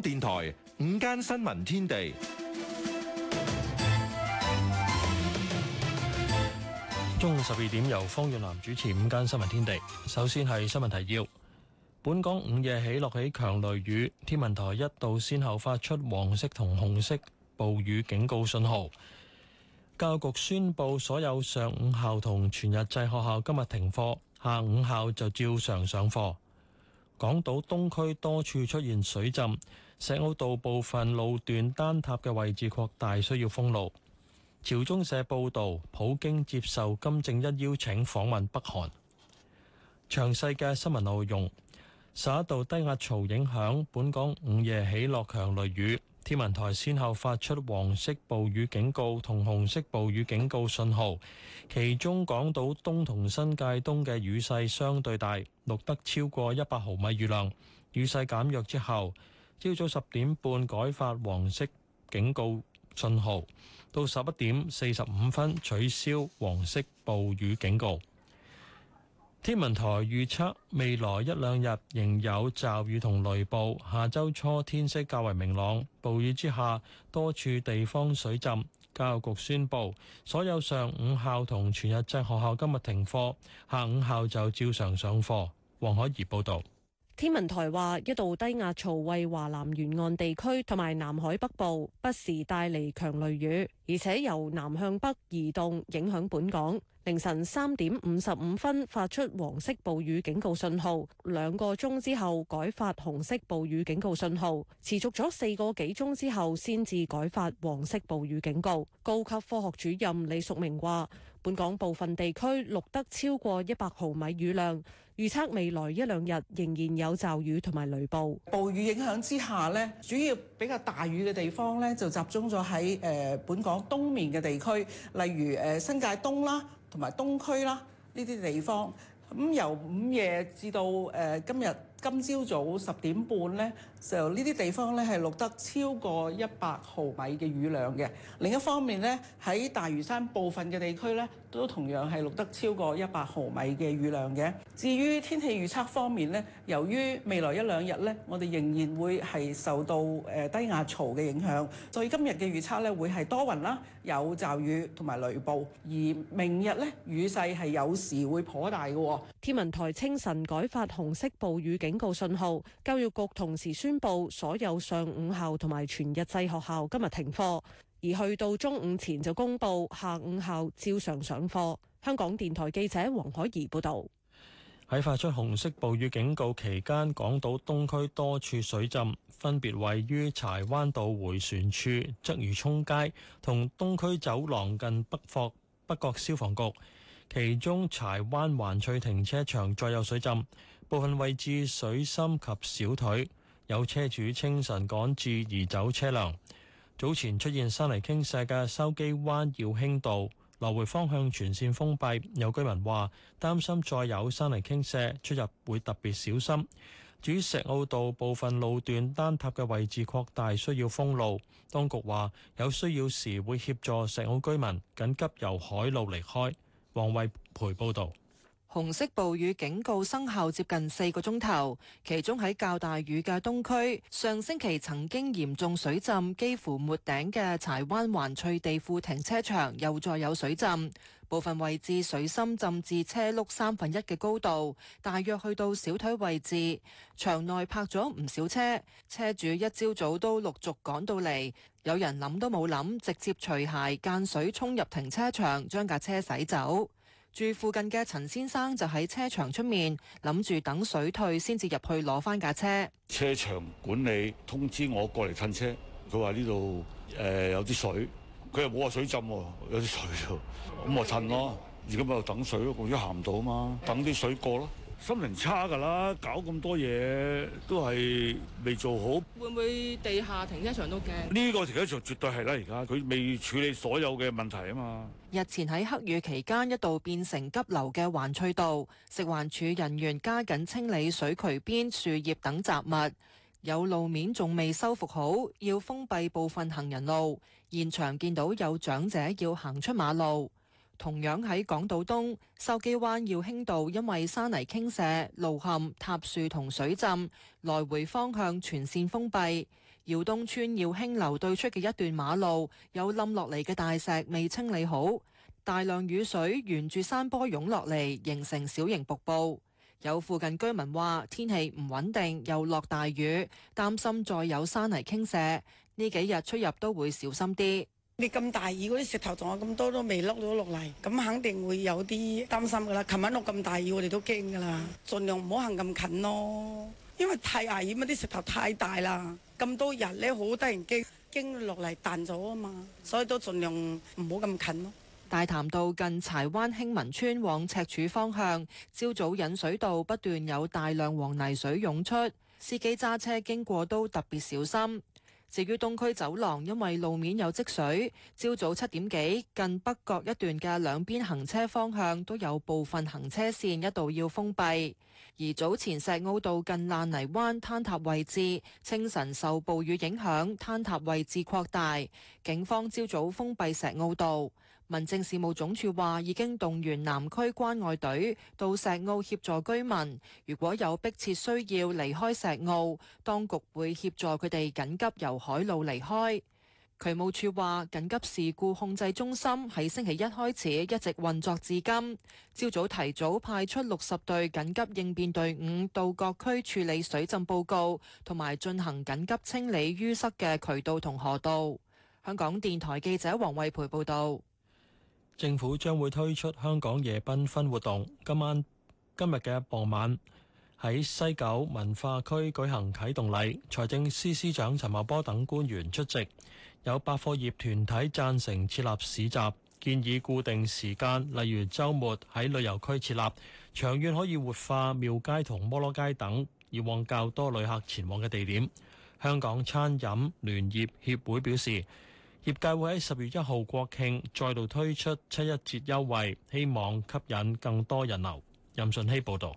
電台午間新聞天地，中午十二點由方遠南主持午間新聞天地。首先係新聞提要：本港午夜起落起強雷雨，天文台一度先後發出黃色同紅色暴雨警告信號。教育局宣佈，所有上午校同全日制學校今日停課，下午校就照常上課。港島東區多處出現水浸。石澳道部分路段單塔嘅位置擴大，需要封路。朝中社報道，普京接受金正一邀請訪問北韓。詳細嘅新聞內容，受一道低壓槽影響本港午夜起落強雷雨，天文台先後發出黃色暴雨警告同紅色暴雨警告信號，其中港島東同新界東嘅雨勢相對大，錄得超過一百毫米雨量。雨勢減弱之後。朝早十點半改發黃色警告信號，到十一點四十五分取消黃色暴雨警告。天文台預測未來一兩日仍有驟雨同雷暴，下周初天色較為明朗。暴雨之下，多處地方水浸。教育局宣布，所有上午校同全日制學校今日停課，下午校就照常上課。黃海怡報導。天文台話，一道低壓槽為華南沿岸地區同埋南海北部不時帶嚟強雷雨，而且由南向北移動影響本港。凌晨三點五十五分發出黃色暴雨警告信號，兩個鐘之後改發紅色暴雨警告信號，持續咗四個幾鐘之後先至改發黃色暴雨警告。高級科學主任李淑明話，本港部分地區錄得超過一百毫米雨量。預測未來一兩日仍然有驟雨同埋雷暴，暴雨影響之下咧，主要比較大雨嘅地方咧就集中咗喺誒本港東面嘅地區，例如誒新界東啦，同埋東區啦呢啲地方。咁由午夜至到誒今日今朝早十點半咧。就呢啲地方咧係錄得超過一百毫米嘅雨量嘅。另一方面咧，喺大嶼山部分嘅地區咧，都同樣係錄得超過一百毫米嘅雨量嘅。至於天氣預測方面咧，由於未來一兩日咧，我哋仍然會係受到誒低壓槽嘅影響，所以今日嘅預測咧會係多雲啦，有驟雨同埋雷暴。而明日咧雨勢係有時會頗大嘅。天文台清晨改發紅色暴雨警告信號，教育局同時宣宣布所有上午校同埋全日制學校今日停課，而去到中午前就公布下午校照常上課。香港電台記者黃海怡報道：喺發出紅色暴雨警告期間，港島東區多處水浸，分別位於柴灣道迴旋處、鰂魚涌街同東區走廊近北霍北角消防局，其中柴灣環翠停車場再有水浸，部分位置水深及小腿。有車主清晨趕至移走車輛。早前出現山泥傾瀉嘅筲箕灣耀興道，來回方向全線封閉。有居民話擔心再有山泥傾瀉，出入會特別小心。至於石澳道部分路段單塔嘅位置擴大，需要封路。當局話有需要時會協助石澳居民緊急由海路離開。黃惠培報導。紅色暴雨警告生效接近四個鐘頭，其中喺較大雨嘅東區，上星期曾經嚴重水浸，幾乎沒頂嘅柴灣環翠地庫停車場又再有水浸，部分位置水深浸至車轆三分一嘅高度，大約去到小腿位置。場內泊咗唔少車，車主一朝早都陸續趕到嚟，有人諗都冇諗，直接除鞋間水沖入停車場，將架車洗走。住附近嘅陳先生就喺車場出面諗住等水退先至入去攞翻架車。車場管理通知我過嚟趁車，佢話呢度誒有啲水，佢又冇話水浸喎，有啲水就咁我趁咯。而家咪等水咯，萬一行唔到啊嘛，等啲水過咯。心情差噶啦，搞咁多嘢都係未做好。會唔會地下停車場都驚？呢個停車場絕對係啦，而家佢未處理所有嘅問題啊嘛。日前喺黑雨期間一度變成急流嘅環翠道，食環署人員加緊清理水渠邊樹葉等雜物，有路面仲未修復好，要封閉部分行人路。現場見到有長者要行出馬路。同樣喺港島東，筲箕灣耀興道，因為山泥傾瀉、路陷、塌樹同水浸，來回方向全線封閉。耀東村耀興樓對出嘅一段馬路有冧落嚟嘅大石未清理好，大量雨水沿住山坡湧落嚟，形成小型瀑布。有附近居民話：天氣唔穩定，又落大雨，擔心再有山泥傾瀉，呢幾日出入都會小心啲。你咁大雨，嗰啲石頭仲有咁多都未碌到落嚟，咁肯定會有啲擔心噶啦。琴晚落咁大雨，我哋都驚噶啦，盡量唔好行咁近咯，因為太危險啊！啲石頭太大啦，咁多人咧，好得人驚驚落嚟彈咗啊嘛，所以都盡量唔好咁近咯。大潭道近柴灣興民村往赤柱方向，朝早引水道不斷有大量黃泥水湧出，司機揸車經過都特別小心。至於東區走廊，因為路面有積水，朝早七點幾，近北角一段嘅兩邊行車方向都有部分行車線一度要封閉。而早前石澳道近爛泥灣坍塌位置，清晨受暴雨影響，坍塌位置擴大，警方朝早封閉石澳道。民政事務總署話已經動員南區關愛隊到石澳協助居民，如果有迫切需要離開石澳，當局會協助佢哋緊急由海路離開。渠務署話，緊急事故控制中心喺星期一開始一直運作至今，朝早提早派出六十隊緊急應變隊伍到各區處理水浸報告，同埋進行緊急清理淤塞嘅渠道同河道。香港電台記者黃慧培報道。政府將會推出香港夜繽紛活動，今晚今日嘅傍晚喺西九文化區舉行啟動禮，財政司司長陳茂波等官員出席。有百貨業團體贊成設立市集，建議固定時間，例如週末，喺旅遊區設立。長遠可以活化廟街同摩羅街等以往較多旅客前往嘅地點。香港餐飲聯業協會表示。業界會喺十月一號國慶再度推出七一折優惠，希望吸引更多人流。任順希報導。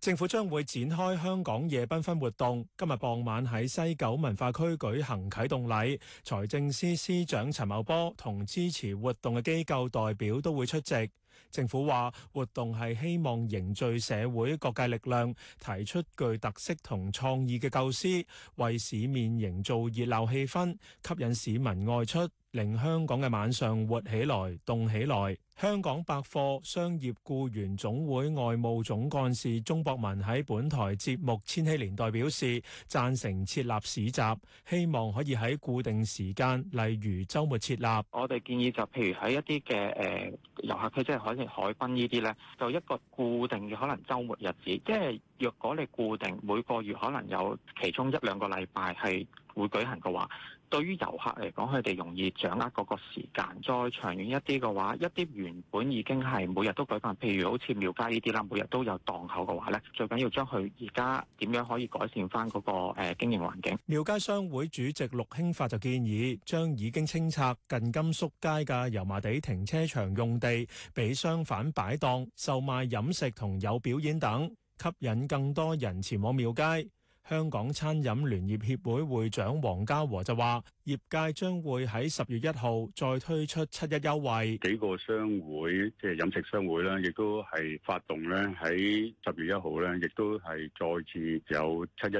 政府將會展開香港夜繽紛活動，今日傍晚喺西九文化區舉行啟動禮，財政司司長陳茂波同支持活動嘅機構代表都會出席。政府話活動係希望凝聚社會各界力量，提出具特色同創意嘅構思，為市面營造熱鬧氣氛，吸引市民外出。令香港嘅晚上活起來，動起來。香港百貨商業僱員總會外務總幹事鍾博文喺本台節目《千禧年代》表示贊成設立市集，希望可以喺固定時間，例如周末設立。我哋建議就譬如喺一啲嘅誒遊客區，即係海寧、海濱呢啲咧，就一個固定嘅可能周末日子。即係若果你固定每個月可能有其中一兩個禮拜係會舉行嘅話。對於遊客嚟講，佢哋容易掌握嗰個時間。再長遠一啲嘅話，一啲原本已經係每日都舉辦，譬如好似廟街呢啲啦，每日都有檔口嘅話咧，最緊要將佢而家點樣可以改善翻嗰個誒經營環境。廟街商會主席陸興發就建議，將已經清拆近甘肅街嘅油麻地停車場用地，俾商販擺檔、售賣飲食同有表演等，吸引更多人前往廟街。香港餐飲聯業協會會長黃家和就話，業界將會喺十月一號再推出七一優惠。幾個商會即係飲食商會啦，亦都係發動咧喺十月一號咧，亦都係再次有七一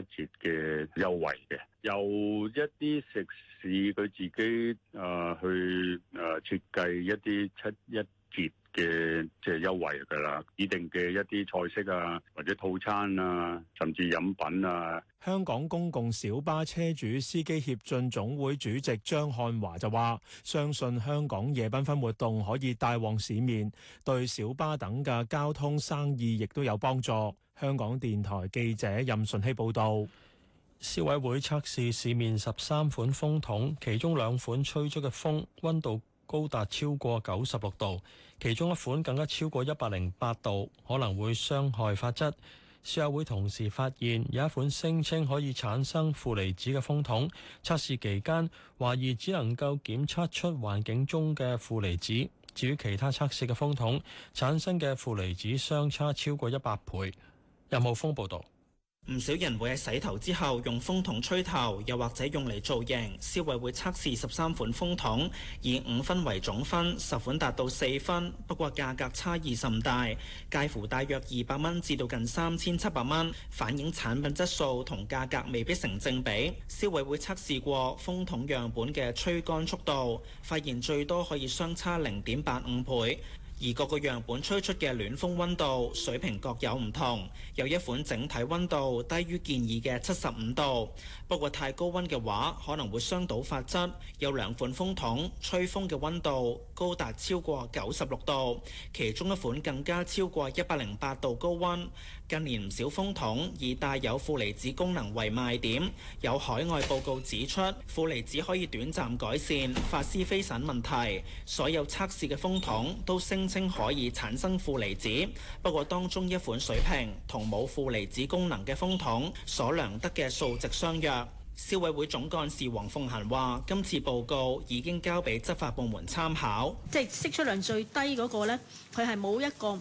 折嘅優惠嘅。有一啲食肆佢自己誒、呃、去誒設計一啲七一折。嘅即係優惠㗎啦，指定嘅一啲菜式啊，或者套餐啊，甚至飲品啊。香港公共小巴車主司機協進總會主席張漢華就話，相信香港夜繽紛活動可以帶旺市面，對小巴等嘅交通生意亦都有幫助。香港電台記者任順希報道。消委會測試市面十三款風筒，其中兩款吹出嘅風溫度，高達超過九十六度，其中一款更加超過一百零八度，可能會傷害發質。消委會同時發現有一款聲稱可以產生負離子嘅風筒，測試期間懷疑只能夠檢測出環境中嘅負離子。至於其他測試嘅風筒，產生嘅負離子相差超過一百倍。任浩峯報導。唔少人會喺洗頭之後用風筒吹頭，又或者用嚟造型。消委會測試十三款風筒，以五分為總分，十款達到四分。不過價格差異甚大，介乎大約二百蚊至到近三千七百蚊，3, 700，反映產品質素同價格未必成正比。消委會測試過風筒樣本嘅吹乾速度，發現最多可以相差零點八五倍。而各個樣本吹出嘅暖風溫度水平各有唔同，有一款整體溫度低於建議嘅七十五度，不過太高溫嘅話可能會傷到髮質。有兩款風筒吹風嘅溫度高達超過九十六度，其中一款更加超過一百零八度高溫。近年唔少風筒以帶有負離子功能為賣點，有海外報告指出負離子可以短暫改善髮絲飛散問題。所有測試嘅風筒都聲稱可以產生負離子，不過當中一款水平同冇負離子功能嘅風筒所量得嘅數值相若。消委會總幹事黃鳳嫺話：今次報告已經交俾執法部門參考。即係釋出量最低嗰個呢，佢係冇一個。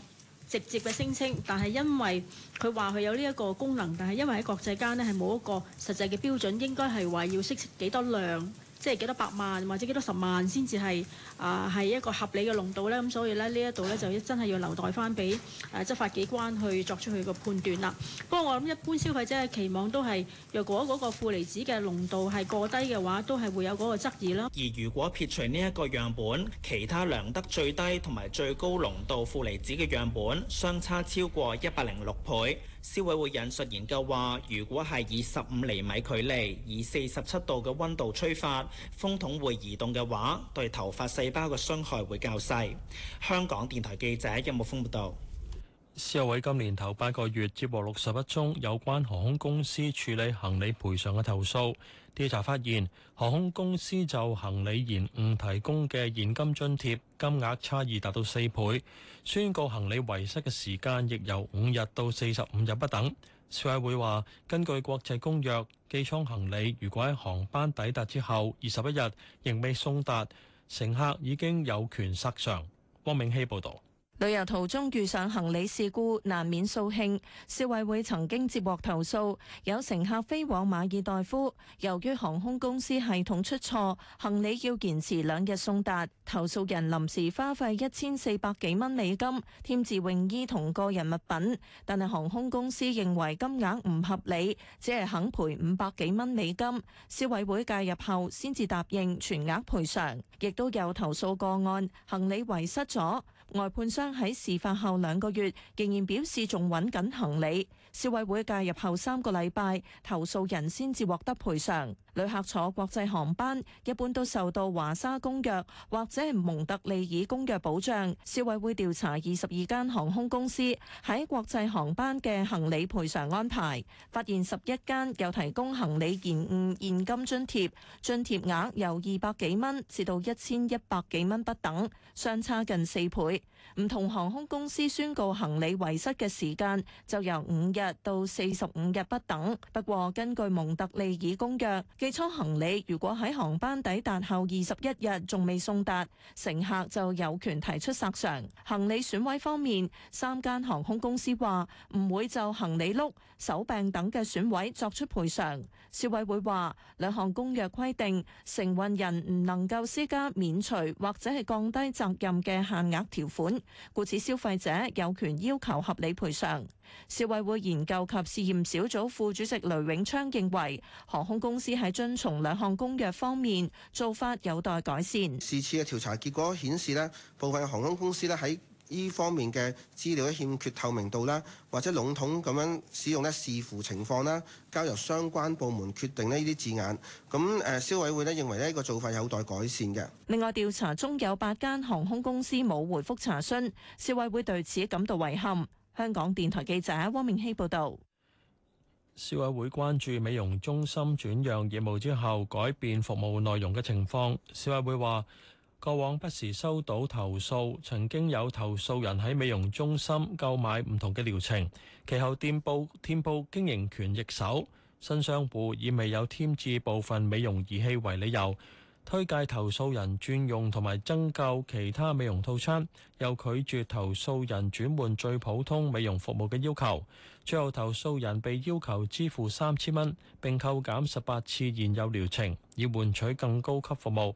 直接嘅聲稱，但係因為佢話佢有呢一個功能，但係因為喺國際間咧係冇一個實際嘅標準，應該係話要釋出幾多量，即係幾多百萬或者幾多十萬先至係。啊，係一個合理嘅濃度呢，咁、嗯、所以呢，呢一度呢，就真係要留待翻俾誒執法機關去作出佢個判斷啦。不過我諗一般消費者期望都係，若果嗰個負離子嘅濃度係過低嘅話，都係會有嗰個質疑啦。而如果撇除呢一個樣本，其他量得最低同埋最高濃度負離子嘅樣本相差超過一百零六倍，消委會引述研究話，如果係以十五厘米距離、以四十七度嘅溫度吹發，風筒會移動嘅話，對頭髮細。包嘅傷害會較細。香港電台記者任木峯報道。消委會今年頭八個月接獲六十一宗有關航空公司處理行李賠償嘅投訴，調查發現航空公司就行李延誤提供嘅現金津貼金額差異達到四倍，宣告行李遺失嘅時間亦由五日到四十五日不等。消委會話根據國際公約，機艙行李如果喺航班抵達之後二十一日仍未送達。乘客已經有權索償。汪明熙報導。旅遊途中遇上行李事故，難免掃興。消委會曾經接獲投訴，有乘客飛往馬爾代夫，由於航空公司系統出錯，行李要延遲兩日送達。投訴人臨時花費一千四百幾蚊美金添置泳衣同個人物品，但係航空公司認為金額唔合理，只係肯賠五百幾蚊美金。消委會介入後，先至答應全額賠償。亦都有投訴個案，行李遺失咗。外判商喺事發後兩個月，仍然表示仲揾緊行李。消委會介入後三個禮拜，投訴人先至獲得賠償，旅客坐國際航班一般都受到《華沙公約》或者蒙特利爾公約保障。消委會調查二十二間航空公司喺國際航班嘅行李賠償安排，發現十一間有提供行李延誤現金津貼，津貼額由二百幾蚊至到一千一百幾蚊不等，相差近四倍。唔同航空公司宣告行李遺失嘅時間就由五日到四十五日不等。不過根據蒙特利爾公約，寄出行李如果喺航班抵達後二十一日仲未送達，乘客就有權提出索償。行李損毀方面，三間航空公司話唔會就行李碌、手柄等嘅損毀作出賠償。消委會話兩項公約規定，承運人唔能夠私加免除或者係降低責任嘅限額條款。故此，消費者有權要求合理賠償。消委會研究及試驗小組副主席雷永昌認為，航空公司喺遵從兩項公約方面做法有待改善。是次嘅調查結果顯示咧，部分航空公司咧喺呢方面嘅資料欠缺透明度啦，或者籠統咁樣使用咧，視乎情況啦，交由相關部門決定呢啲字眼，咁、嗯、誒消委會咧認為呢個做法有待改善嘅。另外調查中有八間航空公司冇回覆查詢，消委會對此感到遺憾。香港電台記者汪明希報導。消委會關注美容中心轉讓業務之後改變服務內容嘅情況，消委會話，過往不時收到投訴，曾經有投訴人喺美容中心購買唔同嘅療程，其後店鋪添報經營權易手，新商戶以未有添置部分美容儀器為理由，推介投訴人轉用同埋增購其他美容套餐，又拒絕投訴人轉換最普通美容服務嘅要求，最後投訴人被要求支付三千蚊，並扣減十八次現有療程，以換取更高級服務。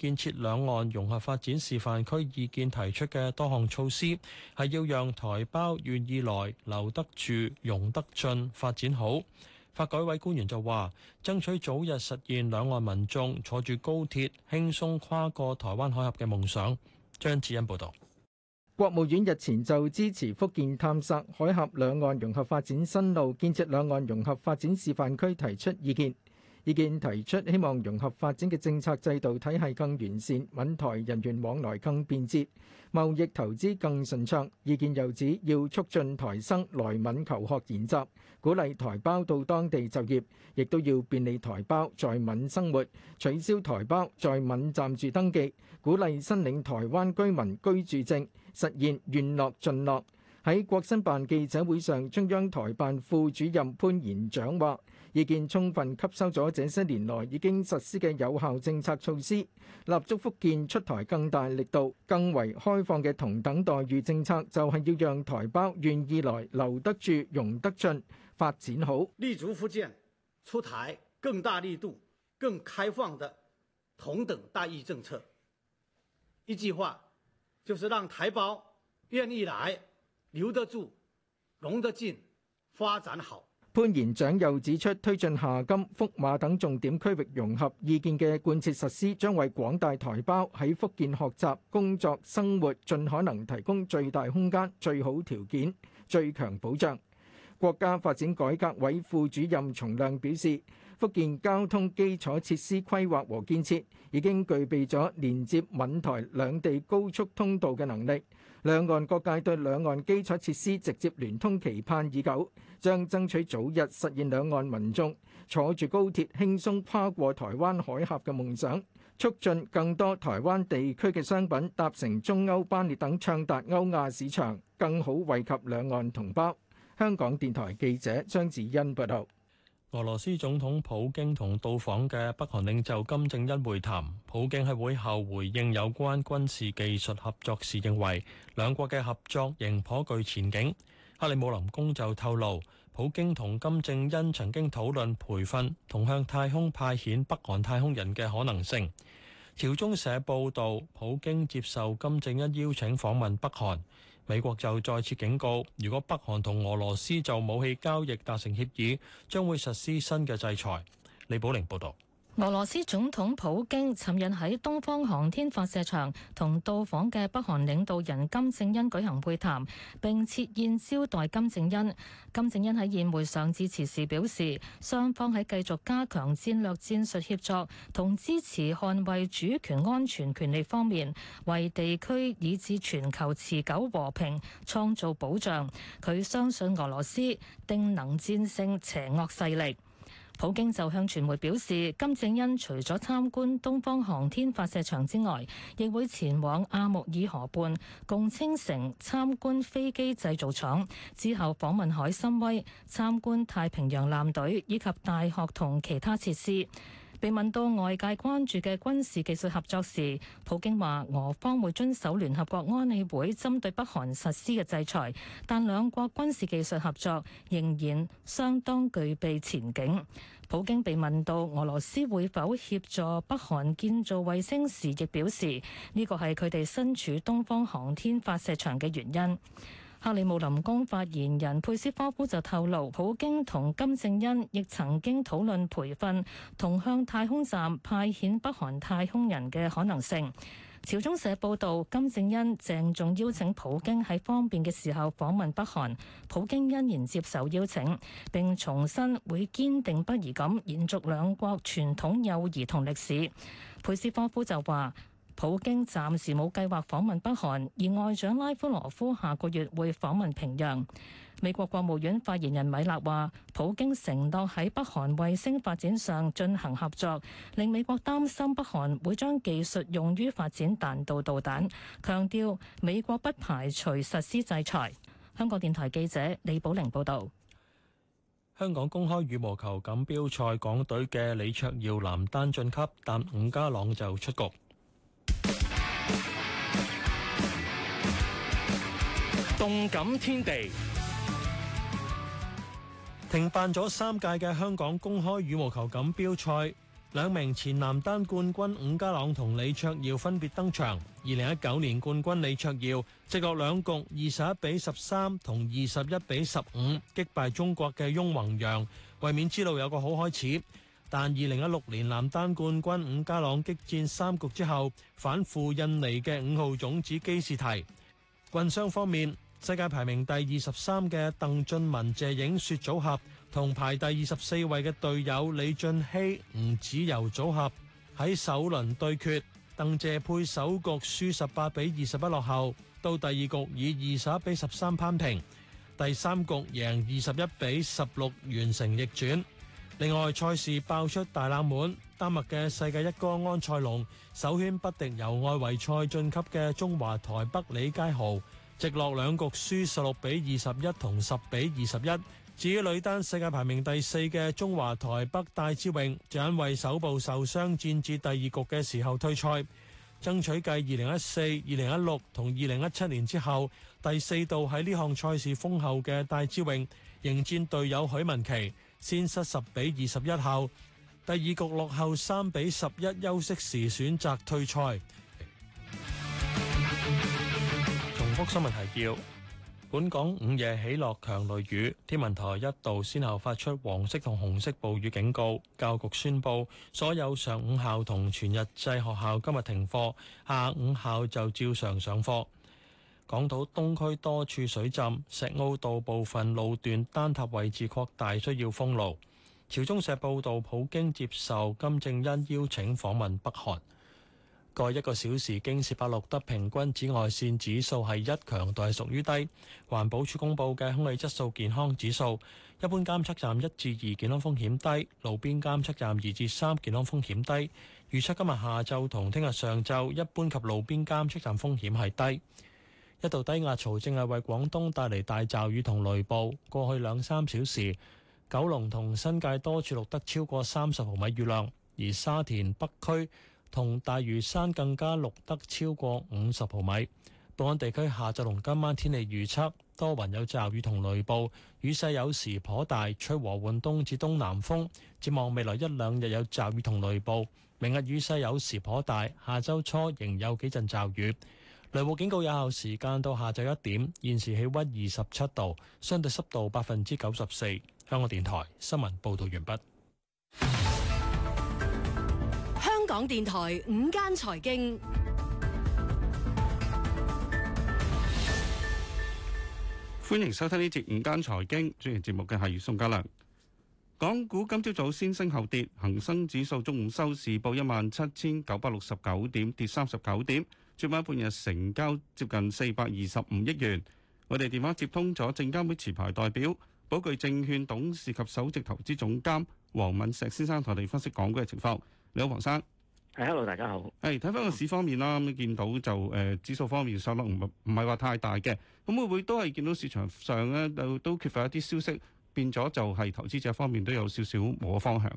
建設兩岸融合發展示範區意見提出嘅多項措施，係要讓台胞願意來、留得住、融得進、發展好。發改委官員就話，爭取早日實現兩岸民眾坐住高鐵輕鬆跨過台灣海峽嘅夢想。張智恩報導。國務院日前就支持福建探索海峽兩岸融合發展新路，建設兩岸融合發展示範區提出意見。意見提出希望融合發展嘅政策制度體系更完善，閩台人員往來更便捷，貿易投資更順暢。意見又指要促進台生來閩求學研習，鼓勵台胞到當地就業，亦都要便利台胞在閩生活，取消台胞在閩暫住登記，鼓勵申領台灣居民居住證，實現願落盡落。喺國新辦記者會上，中央台辦副主任潘賢掌話。意見充分吸收咗這些年來已經實施嘅有效政策措施，立足福建出台更大力度、更為開放嘅同等待遇政策，就係要讓台胞願意來、留得住、融得進、發展好。立足福建出台更大力度、更開放的同等待遇政策，一句話就是讓台胞願意來、留得住、融得進、發展好。潘賢掌又指出，推進廈金、福馬等重點區域融合意見嘅貫徹實施，將為廣大台胞喺福建學習、工作、生活，盡可能提供最大空間、最好條件、最強保障。國家發展改革委副主任叢亮表示。福建交通基礎設施規劃和建設已經具備咗連接閩台兩地高速通道嘅能力。兩岸各界對兩岸基礎設施直接聯通期盼已久，將爭取早日實現兩岸民眾坐住高鐵輕鬆跨過台灣海峽嘅夢想，促進更多台灣地區嘅商品搭乘中歐班列等暢達歐亞市場，更好惠及兩岸同胞。香港電台記者張子欣報道。俄羅斯總統普京同到訪嘅北韓領袖金正恩會談，普京喺會後回應有關軍事技術合作時認為，兩國嘅合作仍頗具前景。克里姆林宮就透露，普京同金正恩曾經討論培訓同向太空派遣北韓太空人嘅可能性。朝中社報道，普京接受金正恩邀請訪問北韓。美國就再次警告，如果北韓同俄羅斯就武器交易達成協議，將會實施新嘅制裁。李寶玲報道。俄羅斯總統普京尋日喺東方航天發射場同到訪嘅北韓領導人金正恩舉行會談，並設宴招待金正恩。金正恩喺宴會上致辭時表示，雙方喺繼續加強戰略戰術協作同支持捍衛主權安全權利方面，為地區以至全球持久和平創造保障。佢相信俄羅斯定能戰勝邪惡勢力。普京就向傳媒表示，金正恩除咗參觀東方航天發射場之外，亦會前往阿穆爾河畔共青城參觀飛機製造廠，之後訪問海參崴，參觀太平洋艦隊以及大學同其他設施。被問到外界關注嘅軍事技術合作時，普京話俄方會遵守聯合國安理會針對北韓實施嘅制裁，但兩國軍事技術合作仍然相當具備前景。普京被問到俄羅斯會否協助北韓建造衛星時，亦表示呢個係佢哋身處東方航天發射場嘅原因。克里姆林宮發言人佩斯科夫就透露，普京同金正恩亦曾經討論培訓同向太空站派遣北韓太空人嘅可能性。朝中社報導，金正恩鄭重邀請普京喺方便嘅時候訪問北韓，普京欣然接受邀請，並重申會堅定不移咁延續兩國傳統友誼同歷史。佩斯科夫就話，普京暫時冇計劃訪問北韓，而外長拉夫羅夫下個月會訪問平壤。美國國務院發言人米勒話，普京承諾喺北韓衛星發展上進行合作，令美國擔心北韓會將技術用於發展彈道導彈，強調美國不排除實施制裁。香港電台記者李寶玲報道。香港公開羽毛球錦標賽，港隊嘅李卓耀男單晉級，但伍家朗就出局。動感天地，停辦咗三屆嘅香港公開羽毛球錦標賽，兩名前男單冠軍伍家朗同李卓耀分別登場。二零一九年冠軍李卓耀直落兩局二十一比十三同二十一比十五擊敗中國嘅翁宏陽，衛冕之路有個好開始。但二零一六年男單冠軍伍家朗激戰三局之後，反負印尼嘅五號種子基士提。混雙方面，世界排名第二十三嘅鄧俊文謝影雪組合同排第二十四位嘅隊友李晉熙吳子柔組合喺首輪對決，鄧謝配首局輸十八比二十一落後，到第二局以二十一比十三扳平，第三局贏二十一比十六完成逆轉。另外賽事爆出大冷門，丹麥嘅世界一哥安賽龍首圈不敵由外圍賽晉級嘅中華台北李佳豪，直落兩局輸十六比二十一同十比二十一。至於女單世界排名第四嘅中華台北戴資穎，就因為手部受傷戰至第二局嘅時候退賽，爭取繼二零一四、二零一六同二零一七年之後第四度喺呢項賽事封後嘅戴資穎，迎戰隊友許文琪，先失十比二十一後，第二局落後三比十一，休息時選擇退賽。新聞提要：本港午夜起落強雷雨，天文台一度先後發出黃色同紅色暴雨警告。教育局宣布，所有上午校同全日制學校今日停課，下午校就照常上課。港島東區多處水浸，石澳道部分路段單塔位置擴大，需要封路。朝中社報道，普京接受金正恩邀請訪問北韓。個一個小時經攝氏錄得平均紫外線指數係一強度係屬於低。環保署公佈嘅空氣質素健康指數，一般監測站一至二，健康風險低，路邊監測站二至三，健康風險低。預測今日下晝同聽日上晝，一般及路邊監測站風險係低。一度低壓槽正係為廣東帶嚟大驟雨同雷暴。過去兩三小時，九龍同新界多處錄得超過三十毫米雨量，而沙田北區。同大嶼山更加錄得超過五十毫米。本港地區下晝同今晚天氣預測，多雲有驟雨同雷暴，雨勢有時頗大，吹和緩東至東南風。展望未來一兩日有驟雨同雷暴，明日雨勢有時頗大，下周初仍有幾陣驟雨。雷暴警告有效時間到下晝一點，現時氣温二十七度，相對濕度百分之九十四。香港電台新聞報導完畢。港電台午間財經，歡迎收聽呢節午間財經，主持節目嘅係宋家良。港股今朝早，早先升後跌，恒生指數中午收市報一萬七千九百六十九點，跌三十九點，全晚半日成交接近四百二十五億元。我哋電話接通咗證監會持牌代表寶钜證券董事及首席投資總監黃敏石先生同你分析港股嘅情況。你好，黃生。Hello 大家好。係，睇翻個市方面啦，咁見到就誒、呃，指數方面上落唔唔係話太大嘅，咁會唔會都係見到市場上咧就都缺乏一啲消息，變咗就係投資者方面都有少少冇方向。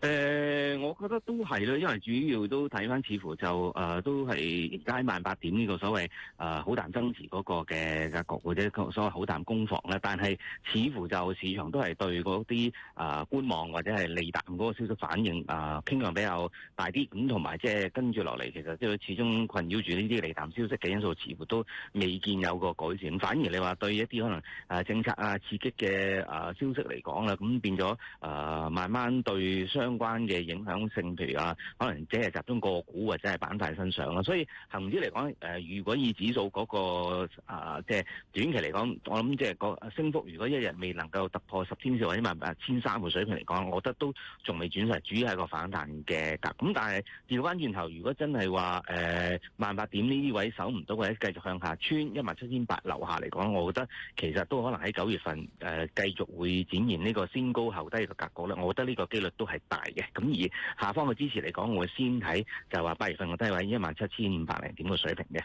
誒、呃，我覺得都係咧，因為主要都睇翻，似乎就誒、呃、都係而家喺萬八點呢個所謂誒好淡爭持嗰個嘅格局，或者所謂好淡攻防咧。但係似乎就市場都係對嗰啲誒觀望或者係利淡嗰個消息反應誒傾向比較大啲。咁同埋即係跟住落嚟，其實即係、就是、始終困擾住呢啲利淡消息嘅因素，似乎都未見有個改善。反而你話對一啲可能誒政策啊刺激嘅誒、啊、消息嚟講啦，咁變咗誒、呃、慢慢對商。相關嘅影響性，譬如啊，可能只係集中個股或者係板塊身上啦。所以恒指嚟講，誒、呃，如果以指數嗰、那個啊，即、呃、係、就是、短期嚟講，我諗即係個升幅，如果一日未能夠突破十天線或者萬八千三嘅水平嚟講，我覺得都仲未轉勢，主要係個反彈嘅格、格。咁但係調翻轉頭，如果真係話誒萬八點呢位守唔到，或者繼續向下穿一萬七千八樓下嚟講，我覺得其實都可能喺九月份誒繼、呃、續會展現呢個先高後低嘅格局咧。我覺得呢個幾率都係嘅咁，以下方嘅支持嚟講，我會先睇就話八月份嘅低位一萬七千五百零點嘅水平嘅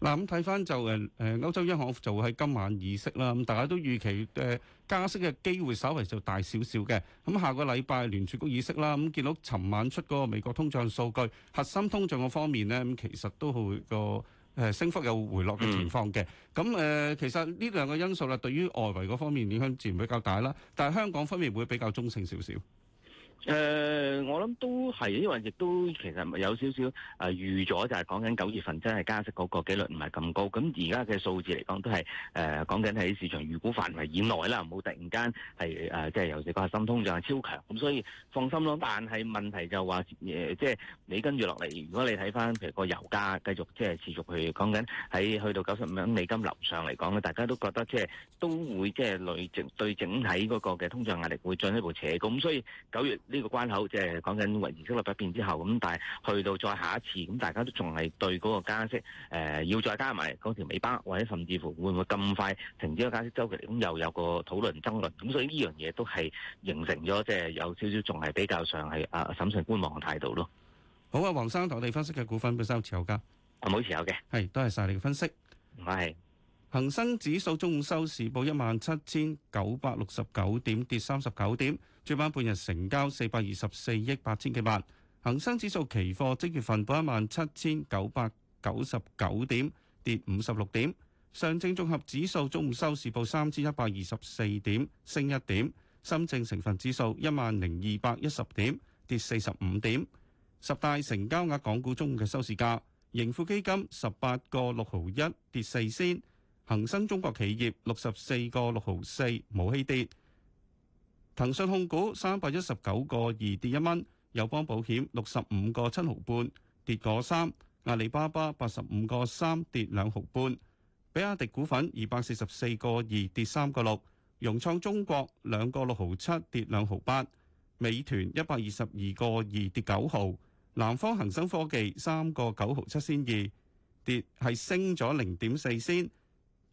嗱。咁睇翻就誒誒，歐、呃、洲央行就會喺今晚議息啦。咁大家都預期誒、呃、加息嘅機會稍為就大少少嘅。咁、嗯、下個禮拜聯儲局議息啦。咁、嗯、見到尋晚出嗰個美國通脹數據，核心通脹嘅方面呢，咁其實都個誒、呃、升幅有回落嘅情況嘅。咁誒、嗯呃，其實呢兩個因素啦，對於外圍嗰方面影響自然比較大啦。但係香港方面會比較中性少少。誒，我諗都係，因為亦都其實有少少誒預咗，就係講緊九月份真係加息嗰個幾率唔係咁高。咁而家嘅數字嚟講，都係誒講緊係喺市場預估範圍以內啦，冇突然間係誒即係尤其個核心通脹係超強。咁所以放心咯。但係問題就話誒，即係你跟住落嚟，如果你睇翻譬如個油價繼續即係持續去講緊喺去到九十五蚊美金樓上嚟講咧，大家都覺得即係都會即係累積對整體嗰個嘅通脹壓力會進一步扯。咁所以九月，呢個關口即係講緊維持息率不變之後咁，但係去到再下一次咁，大家都仲係對嗰個加息誒要再加埋嗰條尾巴，或者甚至乎會唔會咁快停止個加息週期，咁又有個討論爭論。咁所以呢樣嘢都係形成咗，即係有少少仲係比較上係啊審慎觀望嘅態度咯。好啊，黃生同你分析嘅股份嘅收持有噶？冇持有嘅。係，多謝晒你嘅分析。唔該。恒生指數中午收市報一萬七千九百六十九點，跌三十九點。主板半日成交四百二十四億八千幾萬。恒生指數期貨即月份報一萬七千九百九十九點，跌五十六點。上證綜合指數中午收市報三千一百二十四點，升一點。深證成分指數一萬零二百一十點，跌四十五點。十大成交額港股中午嘅收市價，盈富基金十八個六毫一，跌四仙。恒生中國企業六十四個六毫四，無起跌。騰訊控股三百一十九個二跌一蚊，友邦保險六十五個七毫半跌個三，阿里巴巴八十五個三跌兩毫半，比亞迪股份二百四十四個二跌三個六，融創中國兩個六毫七跌兩毫八，美團一百二十二個二跌九毫，南方恒生科技三個九毫七先二跌係升咗零點四先。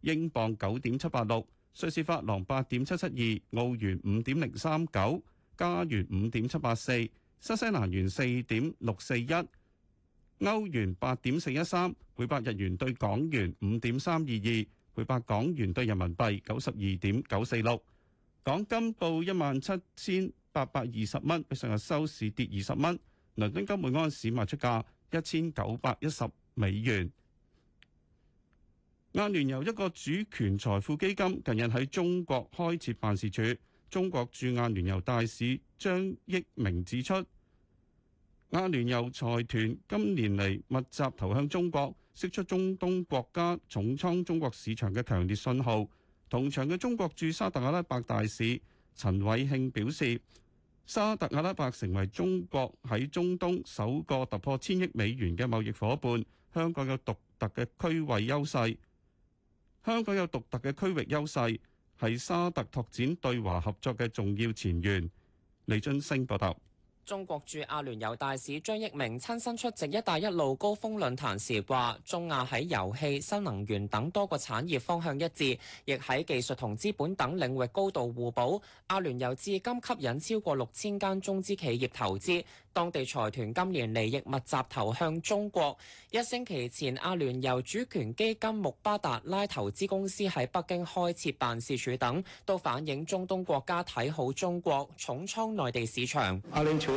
英鎊九點七八六，瑞士法郎八點七七二，澳元五點零三九，加元五點七八四，新西蘭元四點六四一，歐元八點四一三，每百日元對港元五點三二二，每百港元對人民幣九十二點九四六，港金報一萬七千八百二十蚊，比上日收市跌二十蚊。倫敦金每安士賣出價一千九百一十美元。阿聯酋一個主權財富基金近日喺中國開設辦事處。中國駐阿聯酋大使張益明指出，阿聯酋財團今年嚟密集投向中國，釋出中東國家重倉中國市場嘅強烈信號。同場嘅中國駐沙特阿拉伯大使陳偉慶表示，沙特阿拉伯成為中國喺中東首個突破千億美元嘅貿易伙伴。香港有獨特嘅區位優勢。香港有獨特嘅區域優勢，係沙特拓展對華合作嘅重要前沿。李津升報道。中國駐阿聯酋大使張益明親身出席“一帶一路”高峰論壇時話，中阿喺油氣、新能源等多個產業方向一致，亦喺技術同資本等領域高度互補。阿聯酋至今吸引超過六千間中資企業投資，當地財團今年利益密集投向中國。一星期前，阿聯酋主權基金穆巴達拉投資公司喺北京開設辦事處等，都反映中東國家睇好中國，重倉內地市場。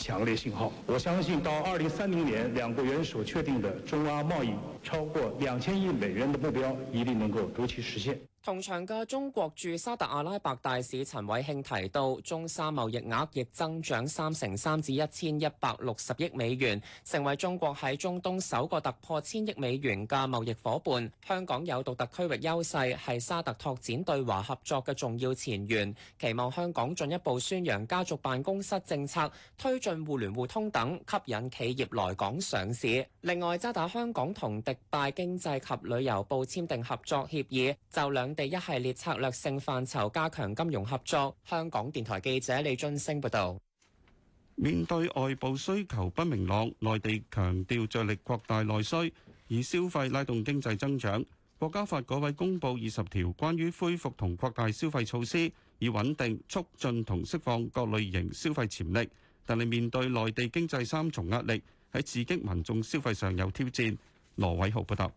強烈信號，我相信到二零三零年，兩國元首確定的中阿貿易超過兩千億美元的目標一定能夠如期實現。同場嘅中國駐沙特阿拉伯大使陳偉慶提到，中沙貿易額亦增長三成三，至一千一百六十億美元，成為中國喺中東首個突破千億美元嘅貿易夥伴。香港有獨特區域優勢，係沙特拓展對華合作嘅重要前沿。期望香港進一步宣揚家族辦公室政策，推進互聯互通等，吸引企業來港上市。另外，渣打香港同迪拜經濟及旅遊部簽訂合作協議，就兩地一系列策略性範疇加強金融合作。香港電台記者李俊升報道。面對外部需求不明朗，內地強調着力擴大內需，以消費拉動經濟增長。國家發改委公布二十條關於恢復同擴大消費措施，以穩定、促進同釋放各類型消費潛力。但係面對內地經濟三重壓力，喺刺激民眾消費上有挑戰。羅偉豪報道。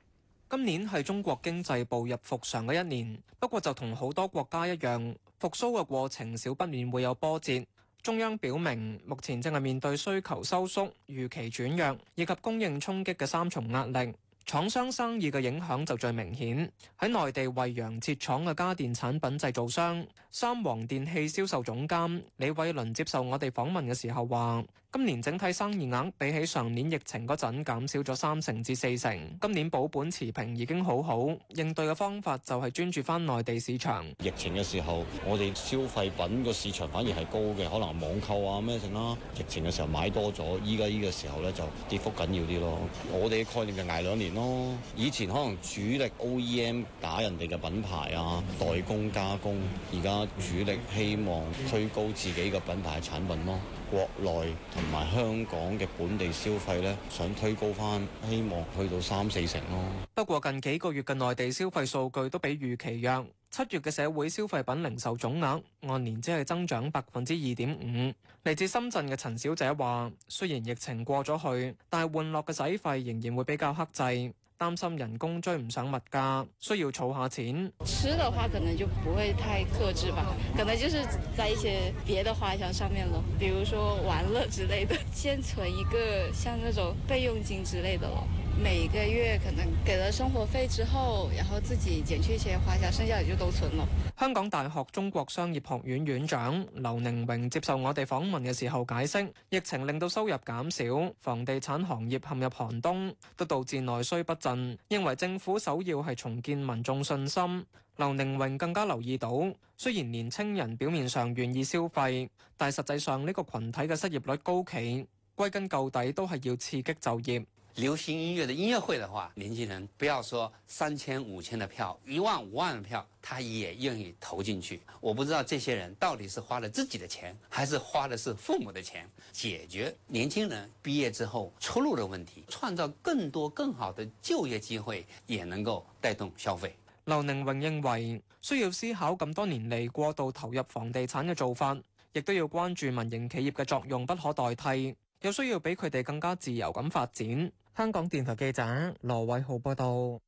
今年係中國經濟步入復常嘅一年，不過就同好多國家一樣，復甦嘅過程少不免會有波折。中央表明，目前正係面對需求收縮、預期轉弱以及供應衝擊嘅三重壓力，廠商生意嘅影響就最明顯。喺內地惠陽設廠嘅家電產品製造商三皇電器銷售總監李偉倫接受我哋訪問嘅時候話。今年整體生意額比起上年疫情嗰陣減少咗三成至四成。今年保本持平已經好好，應對嘅方法就係專注返內地市場。疫情嘅時候，我哋消費品個市場反而係高嘅，可能網購啊咩盛啦。疫情嘅時候買多咗，依家呢個時候咧就跌幅緊要啲咯。我哋嘅概念就捱兩年咯。以前可能主力 OEM 打人哋嘅品牌啊，代工加工，而家主力希望推高自己嘅品牌產品咯。國內同埋香港嘅本地消費咧，想推高翻，希望去到三四成咯，啊。不過近幾個月嘅內地消費數據都比預期弱。七月嘅社會消費品零售總額按年只係增長百分之二點五。嚟自深圳嘅陳小姐話，雖然疫情過咗去，但係換落嘅使費仍然會比較克制。擔心人工追唔上物價，需要儲下錢。吃的話可能就不會太克制吧，可能就是在一些別的花銷上面咯，比如說玩樂之類的，先存一個像那種備用金之類的咯。每個月可能給了生活費之後，然後自己減去一些花銷，剩下就都存咯。香港大學中國商業學院院長劉寧榮接受我哋訪問嘅時候解釋，疫情令到收入減少，房地產行業陷入寒冬，都導致內需不振。認為政府首要係重建民眾信心。劉寧榮更加留意到，雖然年青人表面上願意消費，但係實際上呢個群體嘅失業率高企，歸根究底都係要刺激就業。流行音樂的音樂會的話，年輕人不要說三千、五千的票，一萬、五萬的票，他也願意投進去。我不知道這些人到底是花了自己的錢，還是花的是父母的錢。解決年輕人畢業之後出路的問題，創造更多更好的就業機會，也能夠帶動消費。劉寧榮認為，需要思考咁多年嚟過度投入房地產嘅做法，亦都要關注民營企業嘅作用不可代替，又需要俾佢哋更加自由咁發展。香港電台記者羅偉豪報道。